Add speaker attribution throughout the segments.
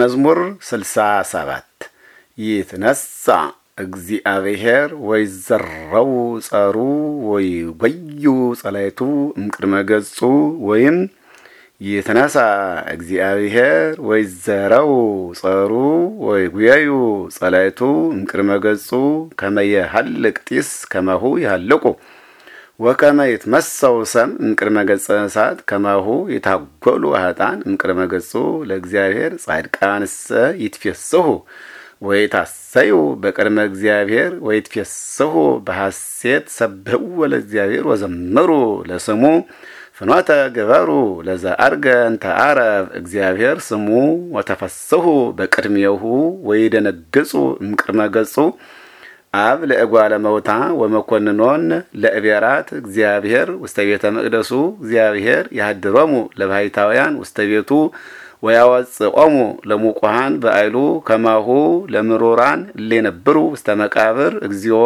Speaker 1: መዝሙር 67 ይትነሳ እግዚአብሔር ወይ ዘረው ጸሩ ወይ ወይጐዩ ጸላይቱ እምቅድመ ገጹ ወይም ይትነሳ እግዚአብሔር ወይ ዘረው ጸሩ ወይ ጉያዩ ጸላይቱ እምቅድመ ገጹ ከመ የሃልቅ ጢስ ከመሁ ይሃልቁ ወከመ ይትመሰው ሰም እምቅድመ ገጸ እሳት ከማሁ የታጎሉ ሀጣን እምቅድመ ገጹ ለእግዚአብሔር ጻድቃንሰ ይትፌስሁ ወይታሰዩ በቅድመ እግዚአብሔር ወይትፌስሁ በሐሴት ሰብሕዎ ለእግዚአብሔር ወዘመሩ ለስሙ ፍኖተ ገበሩ አርገ እንተ አረብ እግዚአብሔር ስሙ ወተፈስሁ በቅድሜሁ ወይደነግጹ እምቅድመ ገጹ አብ ለእጓለ መውታ ወመኮንኖን ለእቤራት እግዚአብሔር ውስተ ቤተ መቅደሱ እግዚአብሔር ያድሮሙ ለባሕታውያን ውስተ ቤቱ ወያወጽኦሙ ለሙቁሃን በአይሉ ከማሁ ለምሩራን ሌነብሩ ውስተ መቃብር እግዚኦ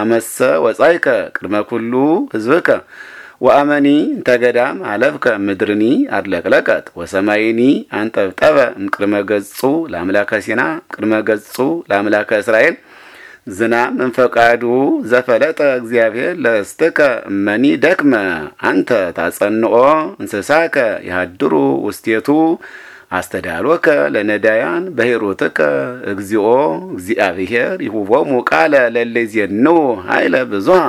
Speaker 1: አመሰ ወጻይከ ቅድመ ኩሉ ህዝብከ ወአመኒ እንተገዳም አለፍከ ምድርኒ አድለቅለቀት ወሰማይኒ አንጠብጠበ እምቅድመ ገጹ ለአምላከ ሲና ቅድመ ገጹ ለአምላከ እስራኤል ዝናብ ፈቃዱ ዘፈለጠ እግዚአብሔር ለእስትከ መኒ ደክመ አንተ ታጸንኦ እንስሳከ ይሃድሩ ውስቴቱ አስተዳሎከ ለነዳያን በሂሩትከ እግዚኦ እግዚአብሔር ይሁቦሙ ቃለ ለለዜንው ኃይለ ብዙሃ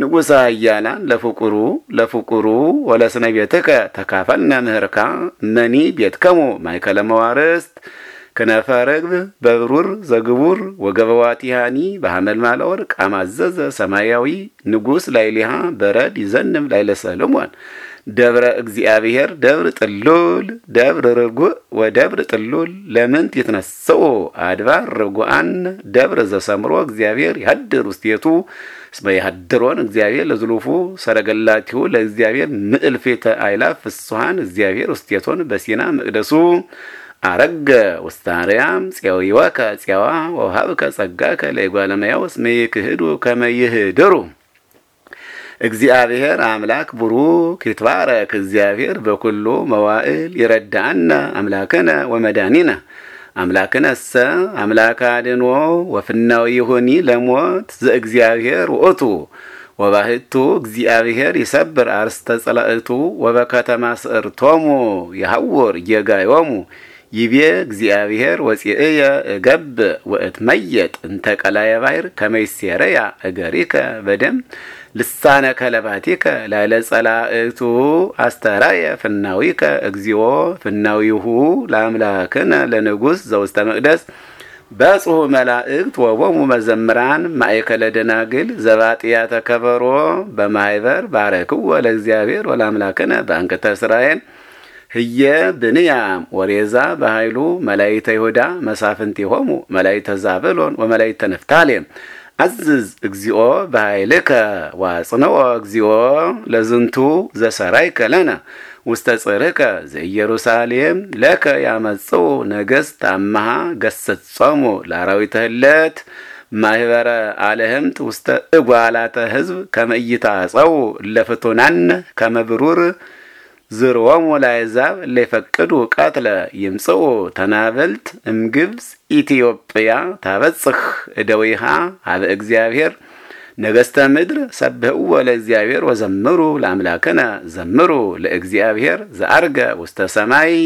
Speaker 1: ንጉሠ አያላን ለፍቁሩ ለፍቁሩ ወለስነ ቤትከ ተካፈልነ ምህርካ መኒ ቤትከሙ ማእከለ መዋርስት ክነፈ ርግብ በብሩር ዘግቡር ወገበዋቲሃኒ በሐመልማለ ወርቅ አማዘዘ ሰማያዊ ንጉሥ ላይሊሃ በረድ ይዘንም ላይለ ሰሎሞን ደብረ እግዚአብሔር ደብር ጥሉል ደብር ርጉእ ወደብር ጥሉል ለምንት ይትነስኡ አድባር ርጉአን ደብር ዘሰምሮ እግዚአብሔር ያድር ውስቴቱ እስመ ያድሮን እግዚአብሔር ለዝሉፉ ሰረገላቲሁ ለእግዚአብሔር ምእልፌተ አይላፍ ፍስሐን እግዚአብሔር ውስቴቶን በሲና መቅደሱ አረገ ውስተ አርያም ፄዊወከ ፄዋ ወውሃብከ ጸጋከ ለእጓለ እመሕያው እስመ ይክህዱ ከመ ይህድሩ። እግዚአብሔር አምላክ ቡሩክ ይትባረክ እግዚአብሔር በኩሉ መዋዕል ይረዳአነ አምላክነ ወመድኃኒነ አምላክነሰ አምላከ አድኖ ወፍናው ይሁኒ ለሞት ዘእግዚአብሔር ውእቱ ወባህቱ እግዚአብሔር ይሰብር አርስተ ጸላእቱ ወበከተማ ስእርቶሙ የሐውር የጋዮሙ ይቤ እግዚአብሔር ወፂእየ እገብ ወእትመየጥ እንተ ቀላየ ባሕር ከመይሴረያ እገሪከ በደም ልሳነ ከለባቲከ ላይለ ጸላእቱ አስተራየ ፍናዊከ እግዚኦ ፍናዊሁ ለአምላክነ ለንጉሥ ዘውስተ መቅደስ በጽሑ መላእክት ወቦሙ መዘምራን ማእከለ ደናግል ዘባጢያተ ተከበሮ በማይበር ባረክዎ ለእግዚአብሔር ወለአምላክነ በአንቅተ እስራኤል ህየ ብንያም ወሬዛ በኃይሉ መላይተ ይሁዳ መሳፍንት የሆሙ መላይተ ዛብሎን ወመላይተ ነፍታሌም አዝዝ እግዚኦ በኃይልከ ዋጽንኦ እግዚኦ ለዝንቱ ዘሰራይከ ለነ ውስተ ጽርከ ዘኢየሩሳሌም ለከ ያመጽኡ ነገሥት አመሃ ገሰጾሙ ለአራዊተ ህለት ማህበረ አለህምት ውስተ እጓላተ ህዝብ ከመይታ ጸው ለፍቱናን ከመብሩር ዝርወሙ ለአሕዛብ ለይፈቅዱ ቀትለ ይምጽኡ ተናበልት እምግብፅ ኢትዮጵያ ታበጽሕ እደዊሃ ሀበ እግዚአብሔር ነገሥተ ምድር ሰብህዎ ለእግዚአብሔር ወዘምሩ ለአምላክነ ዘምሩ ለእግዚአብሔር ዘአርገ ውስተ ሰማይ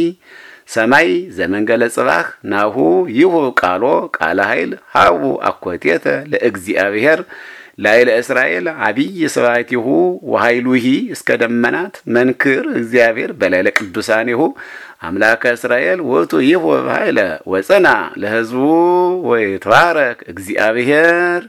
Speaker 1: ሰማይ ዘመንገለ ጽባህ ናሁ ይሁ ቃሎ ቃለ ኃይል ሃቡ አኮቴተ ለእግዚአብሔር ላይለ እስራኤል አብይ ስብሐቲሁ ወኃይሉሂ እስከ ደመናት መንክር እግዚአብሔር በላይለ ቅዱሳኒሁ አምላከ እስራኤል ወቱ ይሁ በኃይለ ወጽና ለሕዝቡ ተባረክ እግዚአብሔር